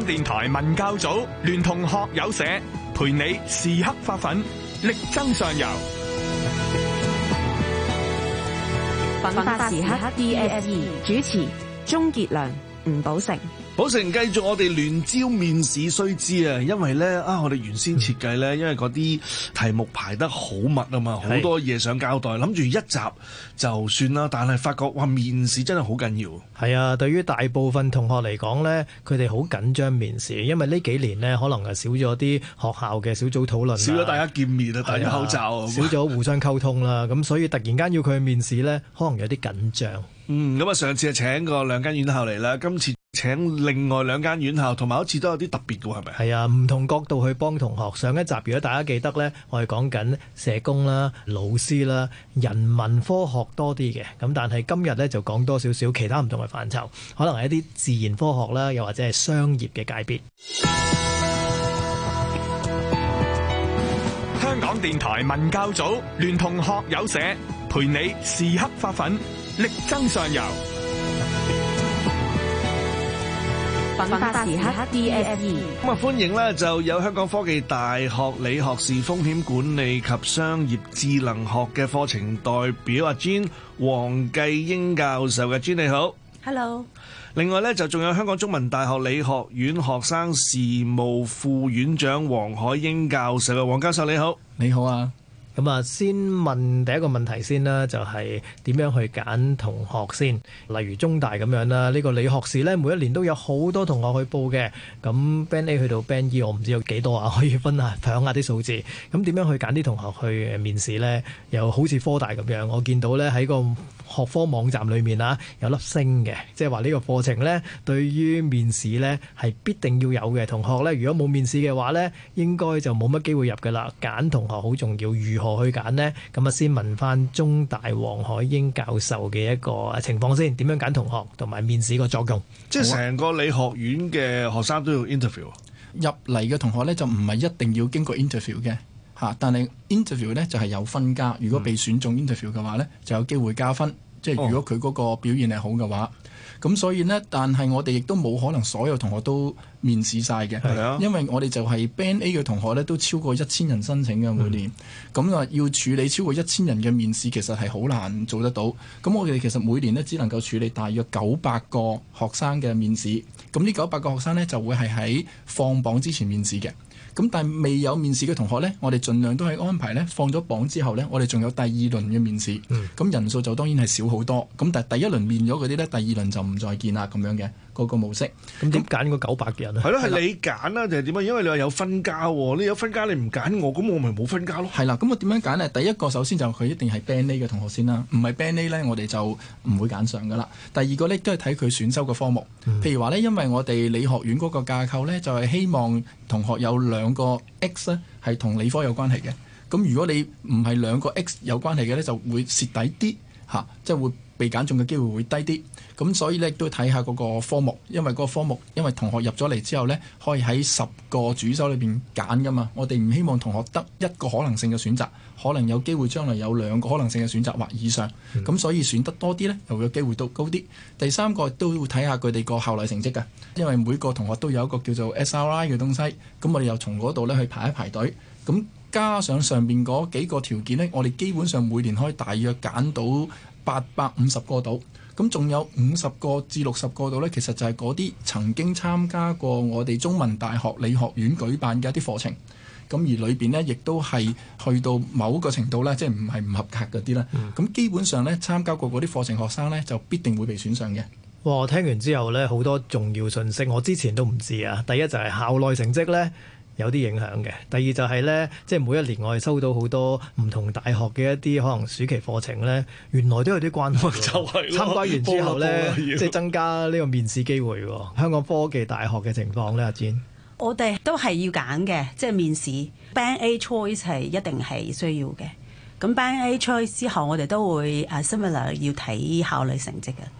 香港電台文教組聯同學友社陪你時刻發奮，力爭上游。奮發時刻 DSE 主持：鍾杰良、吳寶成。好成，繼續我哋聯招面試須知啊！因為呢，啊，我哋原先設計呢，因為嗰啲題目排得好密啊嘛，好多嘢想交代，諗住一集就算啦。但係發覺哇，面試真係好緊要。係啊，對於大部分同學嚟講呢，佢哋好緊張面試，因為呢幾年呢，可能係少咗啲學校嘅小組討論，少咗大家見面啊，戴咗口罩，啊、少咗互相溝通啦。咁 所以突然間要佢去面試呢，可能有啲緊張。嗯，咁啊，上次係請過兩間院校嚟啦，今次請另外兩間院校，同埋好似都有啲特別嘅係咪？係，係啊，唔同角度去幫同學。上一集如果大家記得咧，我哋講緊社工啦、老師啦、人文科學多啲嘅，咁但係今日咧就講多少少其他唔同嘅範疇，可能係一啲自然科學啦，又或者係商業嘅界別。香港電台文教組聯同學友社，陪你時刻發奮。力爭上游，時刻 DSE。咁啊，歡迎咧就有香港科技大學理學士風險管理及商業智能學嘅課程代表阿詹王繼英教授嘅 Jean 你好，Hello。另外咧就仲有香港中文大學理學院學生事務副院長王海嬰教授嘅王教授，你好，你好啊。咁啊，先問第一個問題先啦，就係點樣去揀同學先？例如中大咁樣啦，呢個理學士呢，每一年都有好多同學去報嘅。咁 Band A 去到 Band E 我唔知有幾多啊？可以分享下啲數字。咁點樣去揀啲同學去面試呢？又好似科大咁樣，我見到呢喺個學科網站裏面啊，有粒星嘅，即係話呢個課程呢，對於面試呢，係必定要有嘅。同學呢，如果冇面試嘅話呢，應該就冇乜機會入嘅啦。揀同學好重要，如何去揀呢？咁啊，先問翻中大王海嬰教授嘅一個情況先，點樣揀同學同埋面試個作用？即係成個理學院嘅學生都要 interview、啊、入嚟嘅同學呢，就唔係一定要經過 interview 嘅。但係 interview 咧就係、是、有分加，如果被選中 interview 嘅話咧，嗯、就有機會加分。即、就、係、是、如果佢嗰個表現係好嘅話，咁、哦、所以呢，但係我哋亦都冇可能所有同學都面試晒嘅，啊、因為我哋就係 Band A 嘅同學咧都超過一千人申請嘅每年，咁啊、嗯、要處理超過一千人嘅面試其實係好難做得到。咁我哋其實每年呢，只能夠處理大約九百個學生嘅面試，咁呢九百個學生呢，就會係喺放榜之前面試嘅。咁但係未有面試嘅同學呢，我哋盡量都係安排呢。放咗榜之後呢，我哋仲有第二輪嘅面試，咁、嗯、人數就當然係少好多。咁但係第一輪面咗嗰啲呢，第二輪就唔再見喇，咁樣嘅。嗰個模式，咁點揀個九百嘅人咧？係咯了，係你揀啦，定係點啊？因為你話有分加喎、喔，你有分加，你唔揀我，咁我咪冇分加咯。係啦，咁我點樣揀呢？第一個首先就佢一定係 band A 嘅同學先啦，唔係 band A 呢，我哋就唔會揀上噶啦。第二個呢，都係睇佢選修嘅科目，嗯、譬如話呢，因為我哋理學院嗰個架構呢，就係、是、希望同學有兩個 X 呢係同理科有關係嘅。咁如果你唔係兩個 X 有關係嘅呢，就會蝕底啲嚇，即、啊、係、就是、會被揀中嘅機會會低啲。咁所以呢，都睇下嗰個科目，因為嗰個科目，因為同學入咗嚟之後呢，可以喺十個主修裏面揀㗎嘛。我哋唔希望同學得一個可能性嘅選擇，可能有機會將來有兩個可能性嘅選擇或以上。咁、嗯、所以選得多啲呢，又會有機會都高啲。第三個都會睇下佢哋個校內成績㗎，因為每個同學都有一個叫做 SRI 嘅東西。咁我哋又從嗰度呢去排一排隊。咁加上上面嗰幾個條件呢，我哋基本上每年可以大約揀到八百五十個度。咁仲有五十個至六十個度呢，其實就係嗰啲曾經參加過我哋中文大學理學院舉辦嘅一啲課程，咁而裏面呢，亦都係去到某個程度呢，即係唔係唔合格嗰啲啦。咁基本上呢，參加過嗰啲課程學生呢，就必定會被選上嘅。哇！我聽完之後呢，好多重要訊息，我之前都唔知啊。第一就係校內成績呢。有啲影響嘅。第二就係呢，即係每一年我哋收到好多唔同大學嘅一啲可能暑期課程呢，原來都有啲關。 就係了參加完之後呢，即係 增加呢個面試機會。 香港科技大學嘅情況呢，阿展， 我哋都係要揀嘅，即係面試。 Band A choice 係一定係需要嘅。咁 Band A choice 之後，我哋都會 similar 要睇考慮成績嘅。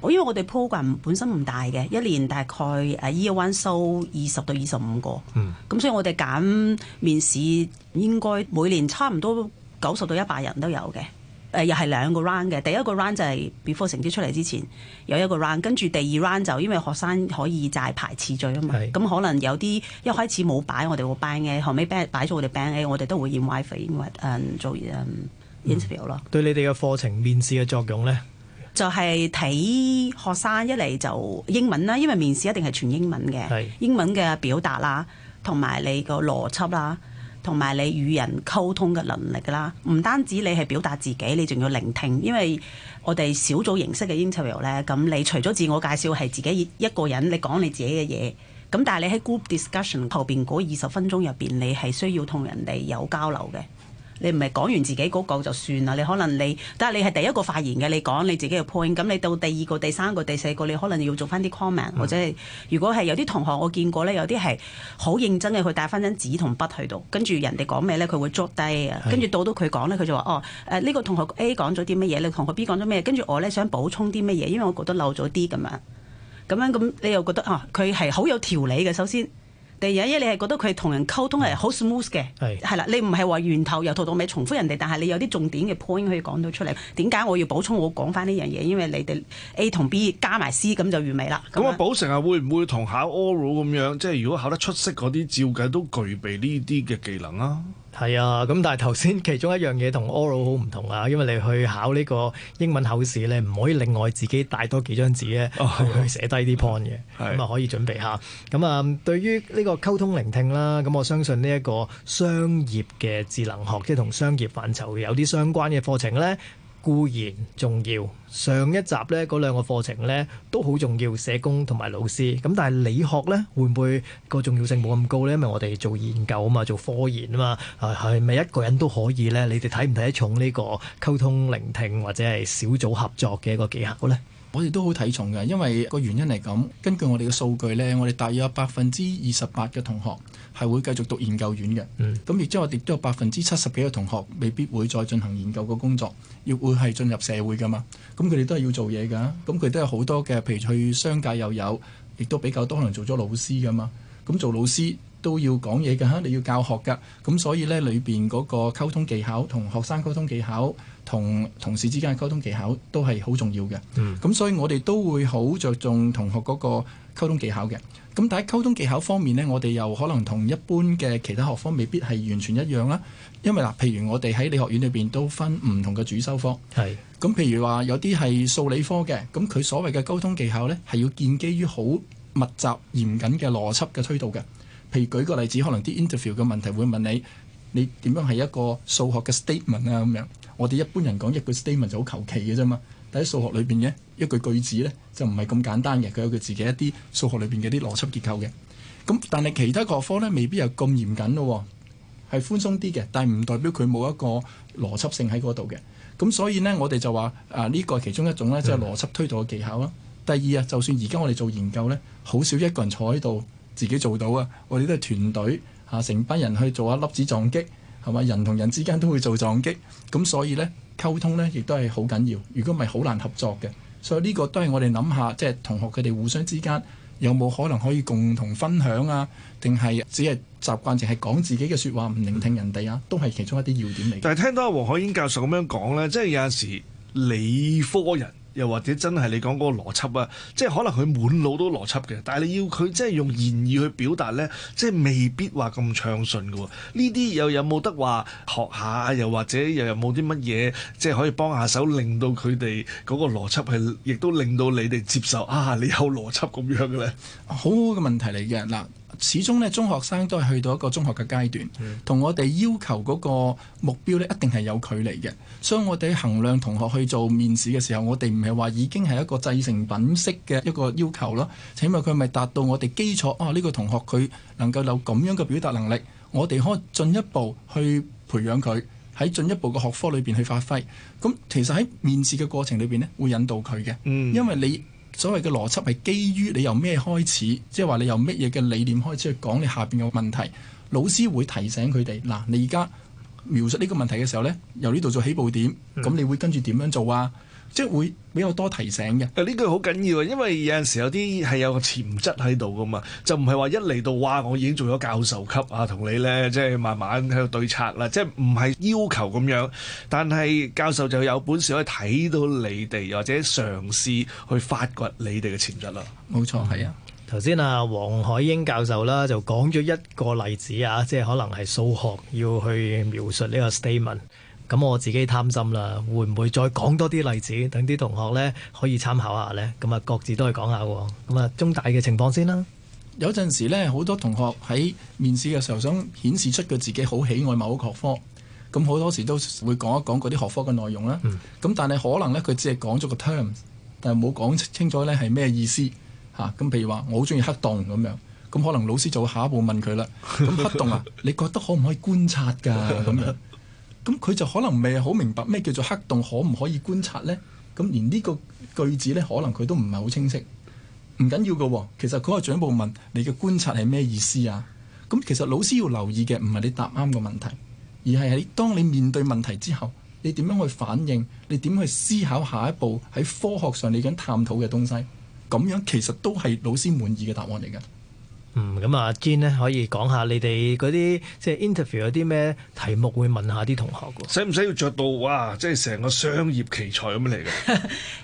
我因為我哋 program 本身唔大嘅，一年大概誒 year one 收二十到二十五個，咁、嗯、所以我哋揀面試應該每年差唔多九十到一百人都有嘅。誒、呃、又係兩個 round 嘅，第一個 round 就係 before 成績出嚟之前有一個 round，跟住第二 round 就係因為學生可以就係排次序啊嘛，咁是可能有啲一開始冇擺我哋 band A，後尾擺咗我哋 band A，我哋都會用 WiFi 因、um, 為做誒、um, interview 咯、嗯。對你哋嘅課程面試嘅作用咧？就係睇學生一嚟就英文啦，因為面試一定係全英文嘅，是英文嘅表達啦，同埋你個邏輯啦，同埋你與人溝通嘅能力啦。唔單止你係表達自己，你仲要聆聽，因為我哋小組形式嘅 interview 咧，咁你除咗自我介紹係自己一個人你講你自己嘅嘢，咁但係你喺 group discussion 後邊嗰二十分鐘入邊，你係需要同人哋有交流嘅。你唔係講完自己嗰個就算啦，你可能你，但係你係第一個發言嘅，你講你自己嘅 point，咁你到第二個、第三個、第四個，你可能要做翻啲 comment，嗯，或者如果係有啲同學我見過咧，有啲係好認真嘅，佢帶翻張紙同筆去度，跟住人哋講咩咧，佢會捉低啊，跟住到到佢講咧，佢就話哦，誒呢個同學 A 講咗啲乜嘢，你同學 B 講咗咩，跟住我咧想補充啲乜嘢，因為我覺得漏咗啲咁樣，咁樣咁你又覺得啊，佢係好有條理嘅，首先。第二一，你係覺得佢同人溝通係好 smooth 嘅，係啦的，你唔係話源頭由頭到尾重複人哋，但係你有啲重點嘅 point 可以講到出嚟。點解我要補充我講翻呢樣嘢？因為你哋 A 同 B 加埋 C 咁就完美啦。咁啊，補成啊，會唔會同考 oral 咁樣？即係如果考得出色嗰啲，照計都具備呢啲嘅技能啊？係啊，咁但係頭先其中一樣嘢同 oral 好唔同啊，因為你去考呢個英文考試咧，唔可以另外自己帶多幾張紙咧，去、oh、寫低啲 point 嘅，咁啊、oh、可以準備下。咁啊是的，對於呢個溝通聆聽啦，咁我相信呢一個商業嘅智能學即係同商業範疇有啲相關嘅課程咧。固然重要，上一集咧嗰兩個課程咧都好重要，社工同埋老師咁，但係理學咧會唔會個重要性冇咁高咧？因為我哋做研究啊嘛，做科研啊嘛，係咪一個人都可以咧？你哋睇唔睇得重呢個溝通聆聽或者係小組合作嘅一個技巧咧？我哋都好睇重嘅，因為個原因係咁。根據我哋嘅數據咧，我哋大約有百分之二十八嘅同學。係會繼續讀研究院嘅，咁亦即係我哋都有百分之七十幾嘅同學未必會再進行研究嘅工作，要會係進入社會噶嘛，咁佢哋都係要做嘢噶，咁佢都有好多嘅，譬如去商界又有，亦都比較多人做咗老師噶嘛，咁做老師都要講嘢嘅嚇，你要教學噶，咁所以呢，裏邊嗰個溝通技巧、同學生溝通技巧。同同事之間嘅溝通技巧都係好重要嘅，咁所以我哋都會好着重同學嗰個溝通技巧嘅。咁但係溝通技巧方面呢，我哋又可能同一般嘅其他學科未必係完全一樣啦。因為嗱，譬如我哋喺理學院裏邊都分唔同嘅主修科，係咁。譬如話有啲係數理科嘅，咁佢所謂嘅溝通技巧呢係要建基於好密集、嚴謹嘅邏輯嘅推導嘅。譬如舉個例子，可能啲 interview 嘅問題會問你，你點樣係一個數學嘅 statement 啊咁樣。我哋一般人講一句 statement 就好求其嘅啫嘛，但喺數學裏面嘅一句句子咧就唔係咁簡單嘅，佢有佢自己一啲數學裏面嘅啲邏輯結構嘅。咁但係其他學科科咧未必有咁嚴謹咯，係寬鬆啲嘅，但係唔代表佢冇一個邏輯性喺嗰度嘅。咁所以咧我哋就話啊呢、呢個係其中一種咧，即係邏輯推導嘅技巧啦。嗯、第二啊，就算而家我哋做研究咧，好少一個人坐喺度自己做到啊，我哋都係團隊啊，成班人去做下粒子撞擊。係嘛？人同人之間都會做撞擊，咁所以呢溝通呢亦都係好緊要。如果唔係好難合作嘅，所以呢個都係我哋諗下，即係同學佢哋互相之間有冇可能可以共同分享啊？定係只係習慣淨係講自己嘅説話，唔聆聽人哋啊？都係其中一啲要點嚟。但係聽到阿王海嬰教授咁樣講呢，即係有陣時理科人。又或者真係你講嗰個邏輯啊，即係可能佢滿腦都邏輯嘅，但係你要佢真係用言語去表達呢，即係未必話咁暢順㗎喎。呢啲又有冇得話學下？又或者又有冇啲乜嘢即係可以幫下手，令到佢哋嗰個邏輯係，亦都令到你哋接受啊？你有邏輯咁樣嘅咧？好好嘅問題嚟嘅嗱。始終咧，中學生都係去到一個中學嘅階段，同我哋要求嗰個目標咧，一定係有距離嘅。所以我哋衡量同學去做面試嘅時候，我哋唔係話已經係一個製成品式嘅一個要求咯。請問佢係咪達到我哋基礎？哦、啊，呢、呢個同學佢能夠有咁樣嘅表達能力，我哋可以進一步去培養佢喺進一步嘅學科裏邊去發揮。咁其實喺面試嘅過程裏邊咧，會引導佢嘅，因為你。所謂嘅邏輯係基於你由咩開始，即係話你由乜嘢嘅理念開始去講你下邊嘅問題。老師會提醒佢哋，嗱，你而家描述呢個問題嘅時候呢，由呢度做起步點，咁你會跟住點樣做啊？即係會比較多提醒嘅，誒呢句好緊要啊！因為有陣時有啲係有潛質喺度噶嘛，就唔係話一嚟到哇，我已經做咗教授級啊，同你咧即係慢慢喺度對策啦，即係唔係要求咁樣，但係教授就有本事可以睇到你哋或者嘗試去發掘你哋嘅潛質啦。冇錯，係啊！頭先啊，王海嬰教授啦就講咗一個例子啊，即係可能係數學要去描述呢個 statement。咁我自己貪心啦，會唔會再講多啲例子，等啲同學呢可以參考下呢？咁啊，各自都去講下喎。咁啊，中大嘅情況先啦。有陣時呢，好多同學喺面試嘅時候想顯示出佢自己好喜愛某個學科，咁好多時都會講一講嗰啲學科嘅內容啦。咁、嗯、但係可能呢，佢只係講咗個 terms，但係冇講清楚呢係咩意思嚇。咁、啊、譬如話，我好中意黑洞咁樣，咁可能老師就會下一步問佢啦。咁黑洞啊，你覺得可唔可以觀察㗎？咁樣。咁佢就可能未好明白咩叫做黑洞，可唔可以觀察呢？咁連呢個句子呢，可能佢都唔係好清晰。唔緊要嘅，其實嗰個長輩，問你嘅觀察係咩意思啊？咁其實老師要留意嘅唔係你答啱個問題，而係喺當你面對問題之後，你點樣去反應，你點去思考下一步喺科學上你緊探討嘅東西。咁樣其實都係老師滿意嘅答案嚟嘅。嗯，咁啊 g 呢，咧可以講下你哋嗰啲即係 interview 有啲咩題目會問下啲同學嘅？使唔使要着到哇？即係成個商業奇才咁嚟嘅？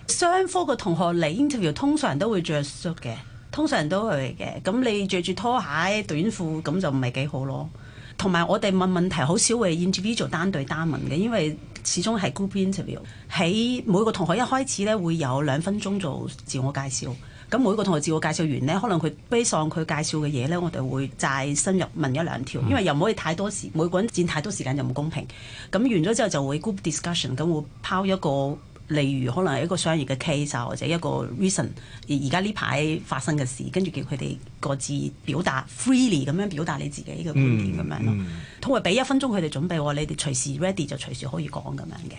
商 科嘅同學嚟 interview 通常都會著恤嘅，通常都會嘅。咁你着住拖鞋短褲咁就唔係幾好咯。同埋我哋問問題好少會 interview 做單對單問嘅，因為始終係 group interview。喺每個同學一開始咧會有兩分鐘做自我介紹。咁每個同學自我介紹完呢，可能佢悲上佢介紹嘅嘢呢，我哋會再深入問一兩條，因為又唔可以太多時，每個人佔太多時間就唔公平。咁完咗之後就會 group discussion，咁會拋一個例如可能係一個商業嘅 case 或者一個 reason 而而家呢排發生嘅事，跟住叫佢哋各自表達 freely 咁樣表達你自己嘅觀點咁樣咯。同埋俾一分鐘佢哋準備，你哋隨時 ready 就隨時可以講咁樣嘅。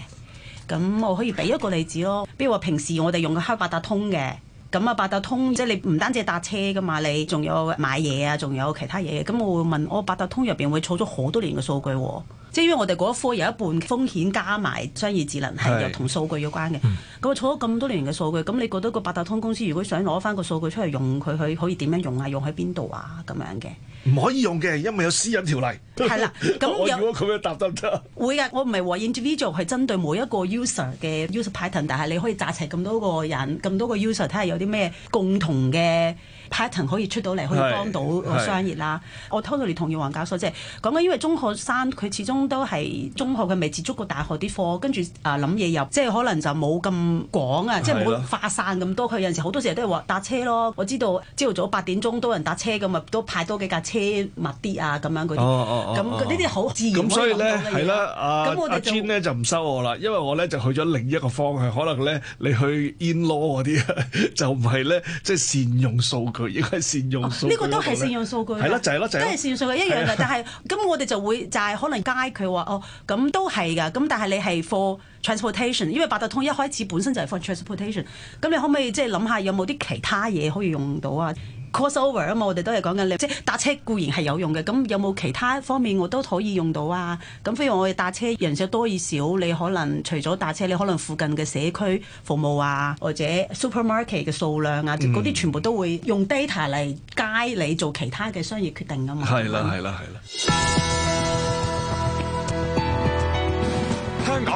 咁我可以俾一個例子咯，比如話平時我哋用嘅黑八達通嘅。咁啊，八達通即係你唔單止搭車㗎嘛，你仲有買嘢啊，仲有其他嘢。咁我會問我八達通入面會儲咗好多年嘅數據喎。即係因為我哋嗰一科有一半風險加埋商業智能係又同數據有關嘅，咁是我儲咗咁多年嘅數據，咁你覺得個八達通公司如果想攞翻個數據出嚟用佢，佢可以點樣用啊？用喺邊度啊？咁樣嘅，唔可以用嘅，因為有私隱條例。係啦，咁如果佢咩答得唔得？會嘅，我唔係話 individual 係針對每一個 user 嘅 user pattern，但係你可以集齊咁多個人、咁多個 user，睇下有啲咩共同嘅 pattern 可以出到嚟，可以幫到個商業啦。我 totally 同意黃教授即係講緊，因為中學生佢始終。都係中學，佢未接觸過大學啲課，跟住啊諗嘢入，即係可能就冇咁廣啊，的即係冇發散咁多。佢有陣時好多時都係話搭車咯。我知道朝早八點鐘都有人搭車咁，咪都派多幾架車密啲啊，咁樣嗰啲。咁呢啲好自然咁、嗯、所以咧，係啦，咁、啊、我哋專咧就唔收我啦，因為我咧就去咗另一個方向，可能咧你去 in law 嗰啲， 就唔係咧，即係善用數據，應該係善用數據。呢、哦這個都係善用數據了。係咯，就係、是、咯，就係、是。都係善用數據一樣嘅，是的但係咁我哋就會就係、是、可能街。佢話：哦，咁都係㗎。咁但係你係 for transportation，因為八達通一開始本身就係 for transportation。咁你可唔可以即係諗下有冇啲其他嘢可以用到啊？Crossover 啊嘛，嗯、我哋都係講緊你即係搭車固然係有用嘅。咁有冇其他方面我都可以用到啊？咁譬如我哋搭車人數多與少，你可能除咗搭車，你可能附近嘅社區服務啊，或者 supermarket 嘅數量啊，嗰啲、嗯、全部都會用 data 嚟 guide 你做其他嘅商業決定㗎嘛？係啦、嗯，係啦，係啦。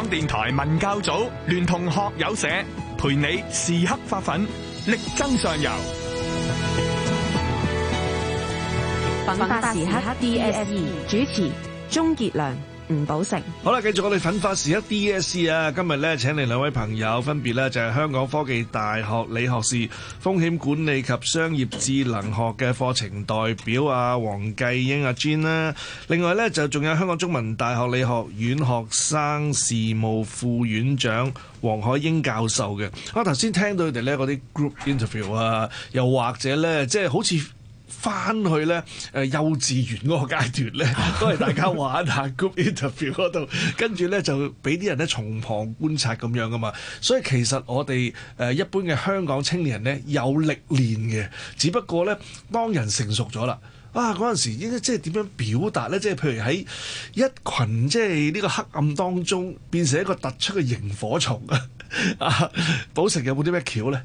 港電台文教組聯同學友社陪你時刻發奮，力爭上游。奮發時刻 DSE 主持鍾杰良。好啦，繼續我哋奮發時一 DSC 啊！DS C，今日咧請嚟兩位朋友，分別咧就係香港科技大學理學士風險管理及商業智能學嘅課程代表啊，王繼英啊 Jean 啦，另外咧就仲有香港中文大學理學院學生事務副院長王海嬰教授嘅。我頭先聽到佢哋咧嗰啲 group interview 啊，又或者咧即係好似，翻去咧，誒幼稚園嗰個階段咧，都係大家玩下 group interview 嗰度，跟住咧就俾啲人咧從旁觀察咁樣噶嘛。所以其實我哋誒一般嘅香港青年人咧有歷練嘅，只不過咧當人成熟咗啦，啊，嗰陣時應該即係點樣表達咧？即係譬如喺一群即係呢個黑暗當中變成一個突出嘅螢火蟲啊！寶城有冇啲咩橋咧？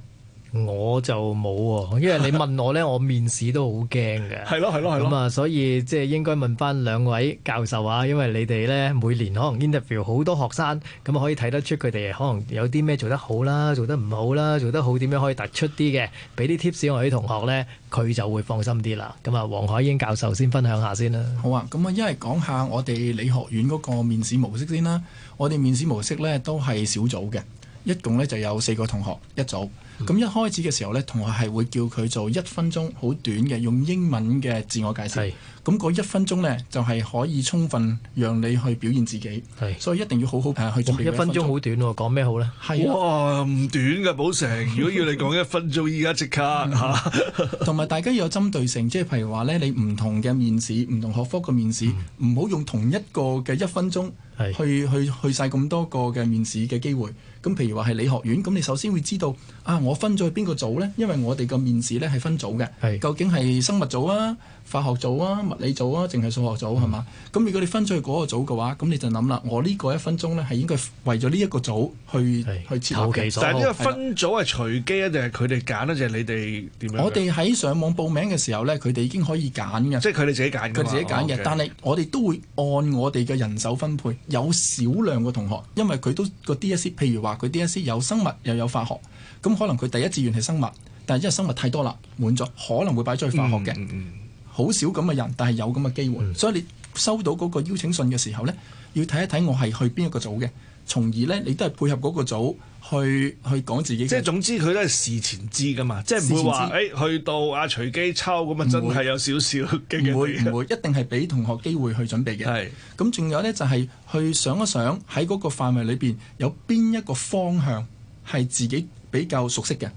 我就冇啊，因為你問我呢， 我面試都好驚嘅。係咯，係咯，係咯。咁啊，所以即係、就是、應該問翻兩位教授啊，因為你哋呢，每年可能 interview 好多學生，咁可以睇得出佢哋可能有啲咩做得好啦，做得唔好啦，做得好點樣可以突出啲嘅，俾啲 tips 我啲同學呢，佢就會放心啲啦。咁啊，王海嬰教授先分享下先啦。好啊，咁啊，一係講下我哋理學院嗰個面試模式先啦。我哋面試模式呢，都係小組嘅，一共呢就有四個同學一組。咁、嗯、一開始嘅時候咧，同學係會叫佢做一分鐘，好短嘅用英文嘅自我介紹。咁嗰是一分鐘咧，就係、是、可以充分讓你去表現自己。係是，所以一定要好好誒去做、嗯。一分鐘好短喎，講咩好咧？係啊，好啊哇唔短嘅，補成 如果要你講一分鐘，而家即刻同埋大家要有針對性，即係譬如話咧，你唔同嘅面試，唔同學科嘅面試，唔好、嗯、用同一個嘅一分鐘去是去去晒咁多個嘅面試嘅機會。咁譬如話係理學院，咁你首先會知道。啊！我分咗去邊個組咧？因為我哋個面試咧，係分組嘅，是究竟係生物組啊？化學組啊，物理組啊，淨係數學組係嘛？咁、嗯、如果你分咗去嗰個組嘅話，咁你就諗啦，我呢個一分鐘咧係應該為咗呢一個組去是去設立嘅。但係呢個分組係隨機啊，定係佢哋揀咧，定係你哋點樣？我哋喺上網報名嘅時候咧，佢哋已經可以揀嘅，即係佢哋自己揀，佢哋自己揀嘅。哦 okay、但係我哋都會按我哋嘅人手分配，有少量嘅同學，因為佢都個 D S E，譬如話佢 D S E 有生物又有化學，咁可能佢第一志願係生物，但係因為生物太多啦，滿咗，可能會擺咗去化學嘅。嗯嗯好少咁嘅人，但係有咁嘅機會，嗯、所以你收到嗰個邀請信嘅時候咧，要睇一睇我係去邊一個組嘅，從而咧你都係配合嗰個組去去講自己。即係總之佢都係事前知㗎嘛，即係唔會話、欸、去到啊隨機抽咁啊，真係有少少驚啲。唔 會，會一定係俾同學機會去準備嘅。咁仲是有咧就係、是、去想一想喺嗰個範圍裏邊有邊一個方向係自己。比較熟悉嘅，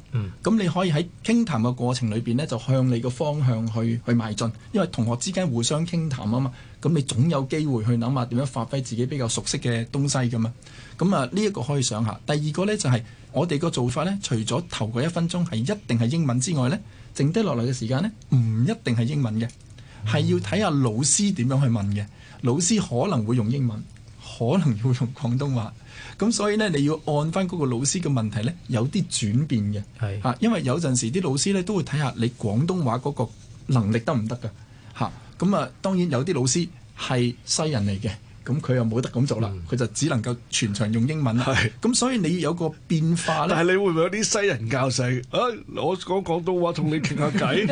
咁你可以喺傾談嘅過程裏邊咧，就向你個方向去去邁進，因為同學之間互相傾談啊嘛，咁你總有機會去諗下點樣發揮自己比較熟悉嘅東西噶嘛，咁啊呢一個可以想下。第二個呢、就係，就係我哋個做法呢，除咗頭嗰一分鐘係一定係英文之外呢，剩低落嚟嘅時間呢，唔一定係英文嘅，係要睇下老師點樣去問嘅，老師可能會用英文，可能要用廣東話。咁所以咧，你要按翻嗰個老師嘅問題咧，有啲轉變嘅，嚇係，因為有陣時啲老師咧都會睇下你廣東話嗰個能力得唔得㗎，嚇，咁啊，當然有啲老師係西人嚟嘅。咁佢又冇得咁做啦，佢就只能夠全場用英文啦。咁所以你要有個變化咧。但係你會唔會有啲西人教授啊？我講廣東話同你傾下偈，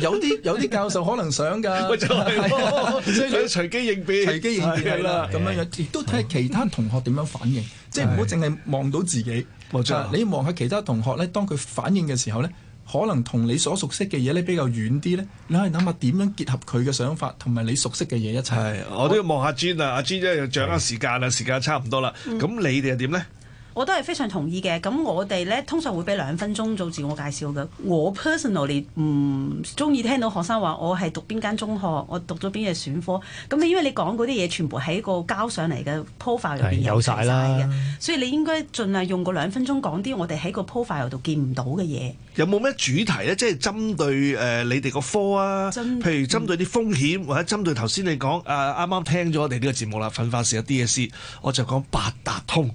有啲有啲教授可能想㗎。咪就係咯，即係佢隨機應變。隨機應變係啦，咁樣樣亦都睇下其他同學點樣反應，即係唔好淨係望到自己。冇錯，你要望下其他同學咧，當佢反應嘅時候咧。可能同你所熟悉嘅嘢咧比較遠啲咧，你可以諗下點樣結合佢嘅想法同埋你熟悉嘅嘢一齊。我都要望下 Jane 啊，阿 Jane 即係要掌握時間啦，是時間差唔多啦。咁、嗯、你哋又點咧？我都係非常同意嘅。咁我哋咧通常會俾兩分鐘做自我介紹嘅。我 personally 唔中意聽到學生話我係讀邊間中學，我讀咗邊嘅選科。咁因為你講嗰啲嘢全部喺個交上嚟嘅 profile 入邊有晒嘅，啦，所以你應該盡量用個兩分鐘講啲我哋喺個 profile 度見唔到嘅嘢。有冇咩主題咧？即係針對、呃、你哋個科啊，針對 譬如針對啲風險，或者針對頭先你講、呃、啱啱聽咗我哋呢個節目啦，分化時一啲嘢事，我就講八達通。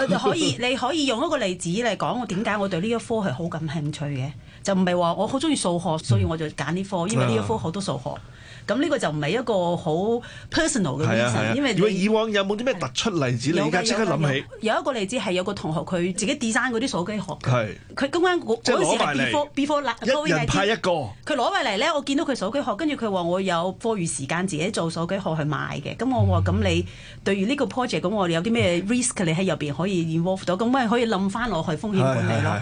可以，你可以用一個例子嚟講，我點解我對呢一科係好感興趣嘅，就唔係話我好中意數學，所以我就揀呢科，因為呢一科好多數學。咁呢個就唔係一個好 personal 嘅 l e s、啊啊、s 因為 以往有冇啲咩突出例子的你而家即刻諗起有有。有一個例子係有個同學佢自己 design 嗰啲手機殼，佢嗰陣嗰時係 B 科 B 科啦，高 before, 一嘅。一人派一個，佢攞埋嚟咧，我見到佢手機殼，跟住佢話我有課餘時間自己做手機殼去賣嘅。咁、嗯、我話咁你對於呢個 project 咁，我哋有啲咩 risk 你喺入面可以 involve 到？咁咪可以諗翻落去風險管理咯。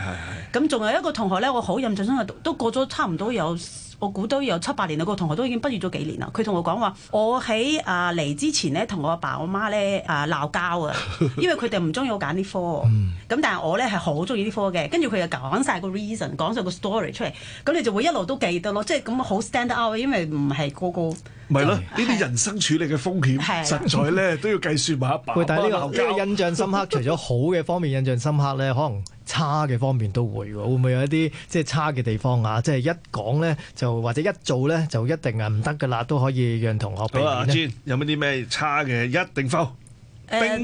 咁仲有一個同學咧，我好印象深刻都過咗差唔多有。我估都有七八年啦，個同學都已經畢業咗幾年啦。佢同我講話，我喺啊嚟之前咧，同我阿爸阿媽咧啊鬧交啊，因為佢哋唔中意我揀啲科。咁 但係我咧係好中意啲科嘅，跟住佢又講晒個 reason，講晒個 story 出嚟，咁你就會一路都記得咯。即係咁好 stand out，因為唔係、個個咪咯，呢啲、啊就是、人生處理嘅風險、啊、實在咧都要計算埋一把、這個。但係呢個後，因為印象深刻， 除咗好嘅方面印象深刻咧，可能差嘅方面都會喎。會唔會有一啲即係差嘅地方啊？即係一講咧就。或者一做咧就一定係唔得噶啦，都可以讓同學避免。有冇啲咩差嘅？一定 fail。誒，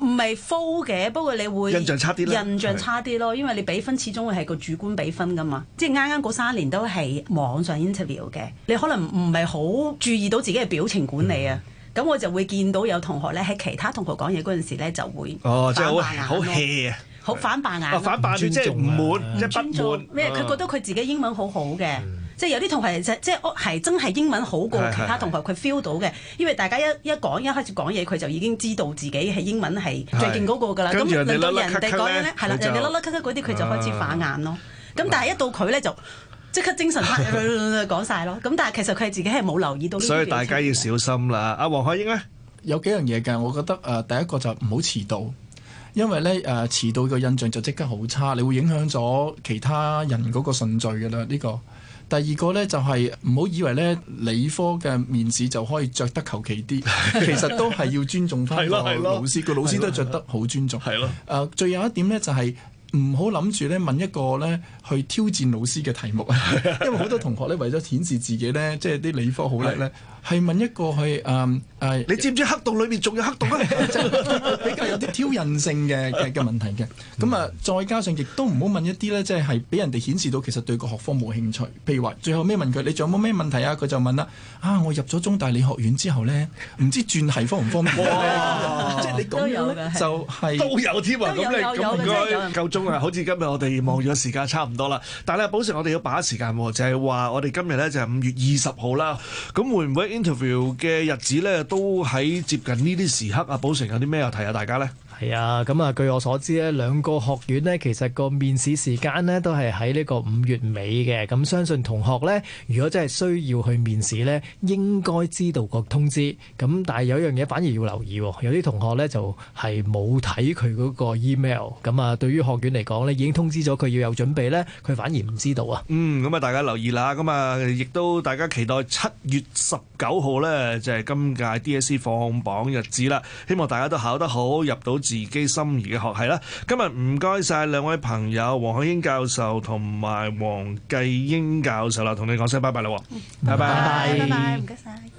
唔係 fail 嘅，不過你會印象差啲。印象差啲咯，因為你比分始終會係個主觀比分噶嘛。即係啱啱嗰三年都係網上 interview 嘅，你可能唔係好注意到自己嘅表情管理啊。咁我就會見到有同學咧喺其他同學講嘢嗰陣時咧就會哦，即係好好啊，好反白眼，反白。即係唔滿，即係不滿。咩？佢覺得佢自己英文好好嘅。即係有啲同學係即係，係真係英文好過其他同學，佢 feel 是是 到嘅。因為大家一一講一開始講嘢，佢就已經知道自己係英文係最勁嗰個㗎啦。咁令到人哋講嘢係啦，人哋粒粒咳咳嗰啲，佢就開始化眼咯。咁、啊、但係一到佢咧，就即刻精神，講晒、啊、咯。咁是 但係其實佢係自己係冇留意到。所以大家要小心啦。阿王海嬰咧有幾樣嘢㗎，我覺得誒、呃、第一個就唔好遲到，因為咧誒、呃、遲到個印象就即刻好差，你會影響咗其他人嗰個順序㗎啦。呢、這個。第二個咧就係唔好以為咧理科嘅面試就可以著得求其啲， 其實都係要尊重翻個老師，個老師都係著得好尊重。係咯。誒、呃，最後一點咧就係唔好諗住咧問一個咧去挑戰老師嘅題目啊，的因為好多同學咧為咗顯示自己咧，即係啲理科好叻咧。 係問一個係誒誒，你知唔知黑洞裏面仲有黑洞咧？即係比較有啲挑釁性嘅嘅嘅問題嘅。咁啊，再加上亦都唔好問一啲咧，即係係俾人哋顯示到其實對個學科冇興趣。譬如話，最後咩問佢？你仲有冇咩問題啊？佢就問啦：啊，我入咗中大理學院之後咧，唔知轉係方唔方便？即係你咁樣就係都有添啊！咁你咁應該夠鍾啊！好似今日我哋望咗個時間差唔多啦。但係保持我哋要把握時間喎，就係話我哋今日咧就係五月二十號啦。咁會唔會？Interview 嘅日子咧，都喺接近呢啲時刻。啊，寶成有啲咩啊提下大家咧？係啊，咁啊，據我所知呢，兩個學院呢，其實個面試時間呢，都係喺呢個五月尾嘅。咁相信同學呢，如果真係需要去面試呢，應該知道個通知。咁但係有一樣嘢反而要留意，有啲同學呢，就係冇睇佢嗰個 email。咁啊，對於學院嚟講呢，已經通知咗佢要有準備呢，佢反而唔知道啊。嗯，咁啊，大家留意啦。咁啊，亦都大家期待七月十九號呢，就係今屆 DSE 放榜日子啦。希望大家都考得好，入到。自己心儀嘅學系啦，今日唔該曬兩位朋友王海嬰教授同埋王繼英教授啦，同你講聲拜拜啦，拜拜，拜拜，唔該曬。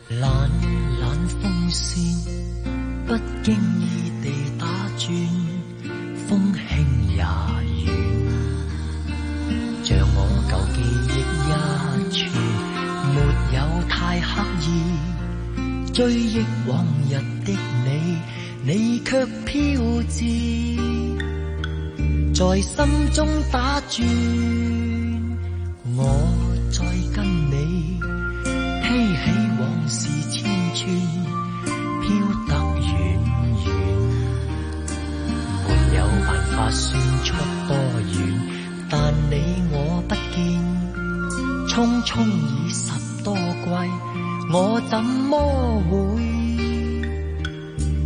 你卻飄至，在心中打轉。我再跟你披起往事千串，飄得遠遠，沒有辦法算出多遠。但你我不見，匆匆已十多季，我怎麼會？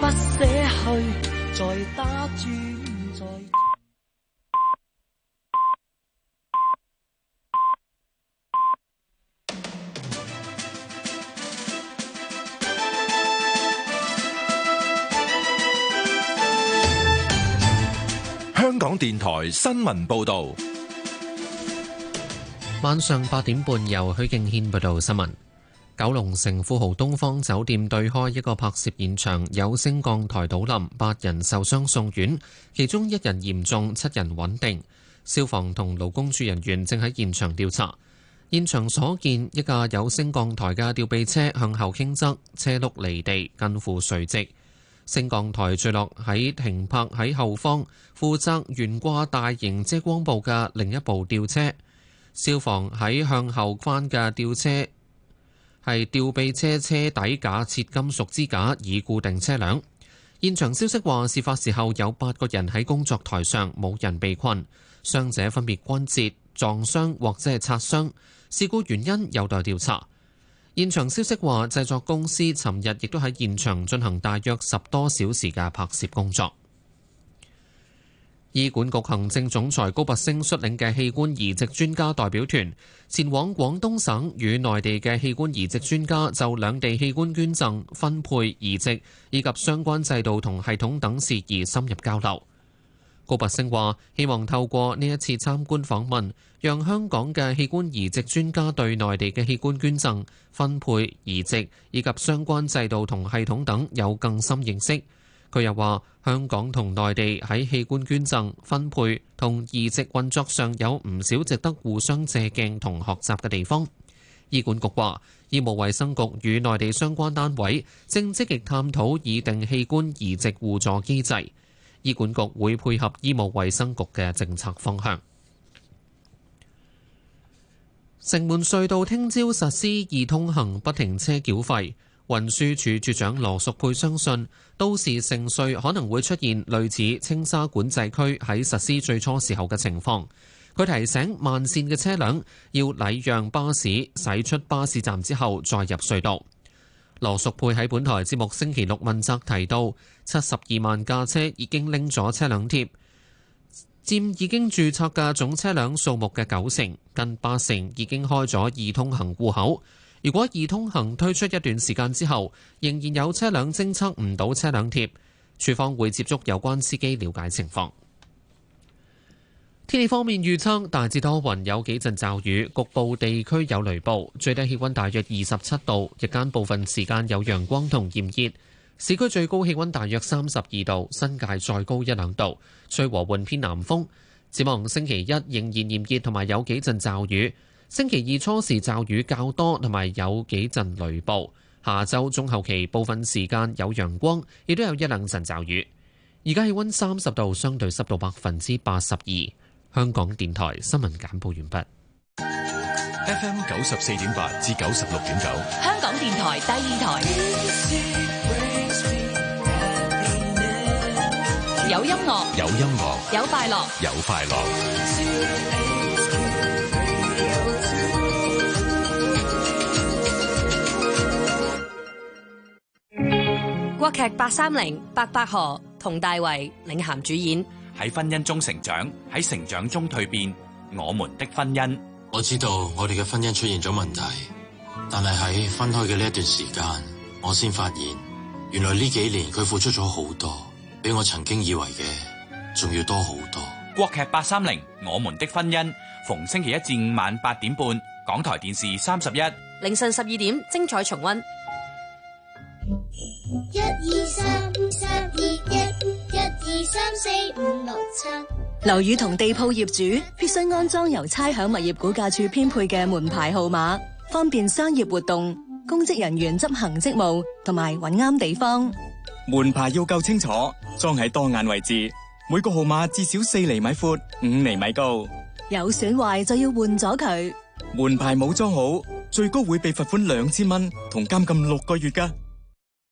不捨去，再打轉。香港電台新聞報道。晚上八點半，由許敬軒報道新聞。九龍城富豪東方酒店對開一個拍攝現場，有升降台倒冧，八人受傷送院，其中一人嚴重，七人穩定。消防同勞工處人員正喺現場調查。現場所見，一架有升降台嘅吊臂車向後傾側，車轆離地，近乎垂直。升降台墜落喺停泊喺後方，負責懸掛大型遮光布嘅另一部吊車。消防喺向後翻嘅吊車。係吊臂車車底架設金屬支架以固定車輛。現場消息話，事發時候有八個人喺工作台上，冇人被困。傷者分別關節撞傷或者係擦傷。事故原因有待調查。現場消息話，製作公司尋日亦都喺現場進行大約十多小時嘅拍攝工作。醫管局行政總裁高拔陞率領嘅器官移植專家代表團前往廣東省，與內地嘅器官移植專家就兩地器官捐贈、分配、移植以及相關制度同系統等事宜深入交流。高拔陞話，希望透過呢一次參觀訪問，讓香港嘅器官移植專家對內地嘅器官捐贈、分配、移植以及相關制度同系統等有更深認識。佢又話：香港同內地喺器官捐贈、分配同移植運作上有唔少值得互相借鏡同學習嘅地方。醫管局話，醫務衛生局與內地相關單位正積極探討擬定器官移植互助機制，醫管局會配合醫務衛生局嘅政策方向。城門隧道聽朝實施易通行不停車繳費。運輸署署長羅淑佩相信，到時城隧可能會出現類似青沙管制區喺實施最初時候嘅情況。佢提醒慢綫嘅車輛要禮讓巴士，駛出巴士站之後再入隧道。羅淑佩喺本台節目星期六問責提到，七十二萬架車已經拎咗車輛貼，佔已經註冊嘅總車輛數目嘅九成，近八成已經開咗易通行戶口。如果易通行推出一段時間之後，仍然有車輛偵測唔到車輛貼，處方會接觸有關司機了解情況。天氣方面預測大致多雲，有幾陣驟雨，局部地區有雷暴，最低氣温大約二十七度，日間部分時間有陽光同炎熱，市區最高氣温大約三十二度，新界再高一兩度，吹和緩偏南風。展望星期一仍然炎熱同埋有幾陣驟雨。星期二初時驟雨較多，同埋有幾陣雷暴。下周中後期部分時間有陽光，亦都有一兩陣驟雨。而家氣溫三十度，相對濕度百分之八十二。香港電台新聞簡報完畢。FM 九十四點八至九十六點九，香港電台第二台。有音樂，有音樂，有快樂，有快樂。國劇八三零，白百何、佟大為領銜主演。喺婚姻中成長，喺成長中蛻變。我們的婚姻，我知道我哋嘅婚姻出現咗問題，但係喺分開嘅呢一段時間，我先發現，原來呢幾年佢付出咗好多，比我曾經以為嘅仲要多好多。國劇八三零，我們的婚姻，逢星期一至五晚八點半，港台電視三十一，凌晨十二點精彩重温。一二三，三二一，一二三四五六七。樓宇同地鋪業主必須安裝由差餉物業估價署編配嘅門牌號碼，方便商業活動、公職人員執行職務同埋揾啱地方。門牌要夠清楚，裝喺當眼位置，每個號碼至少四厘米闊，五厘米高。有損壞就要換咗佢。門牌冇裝好，最高會被罰款兩千蚊，同監禁六個月噶。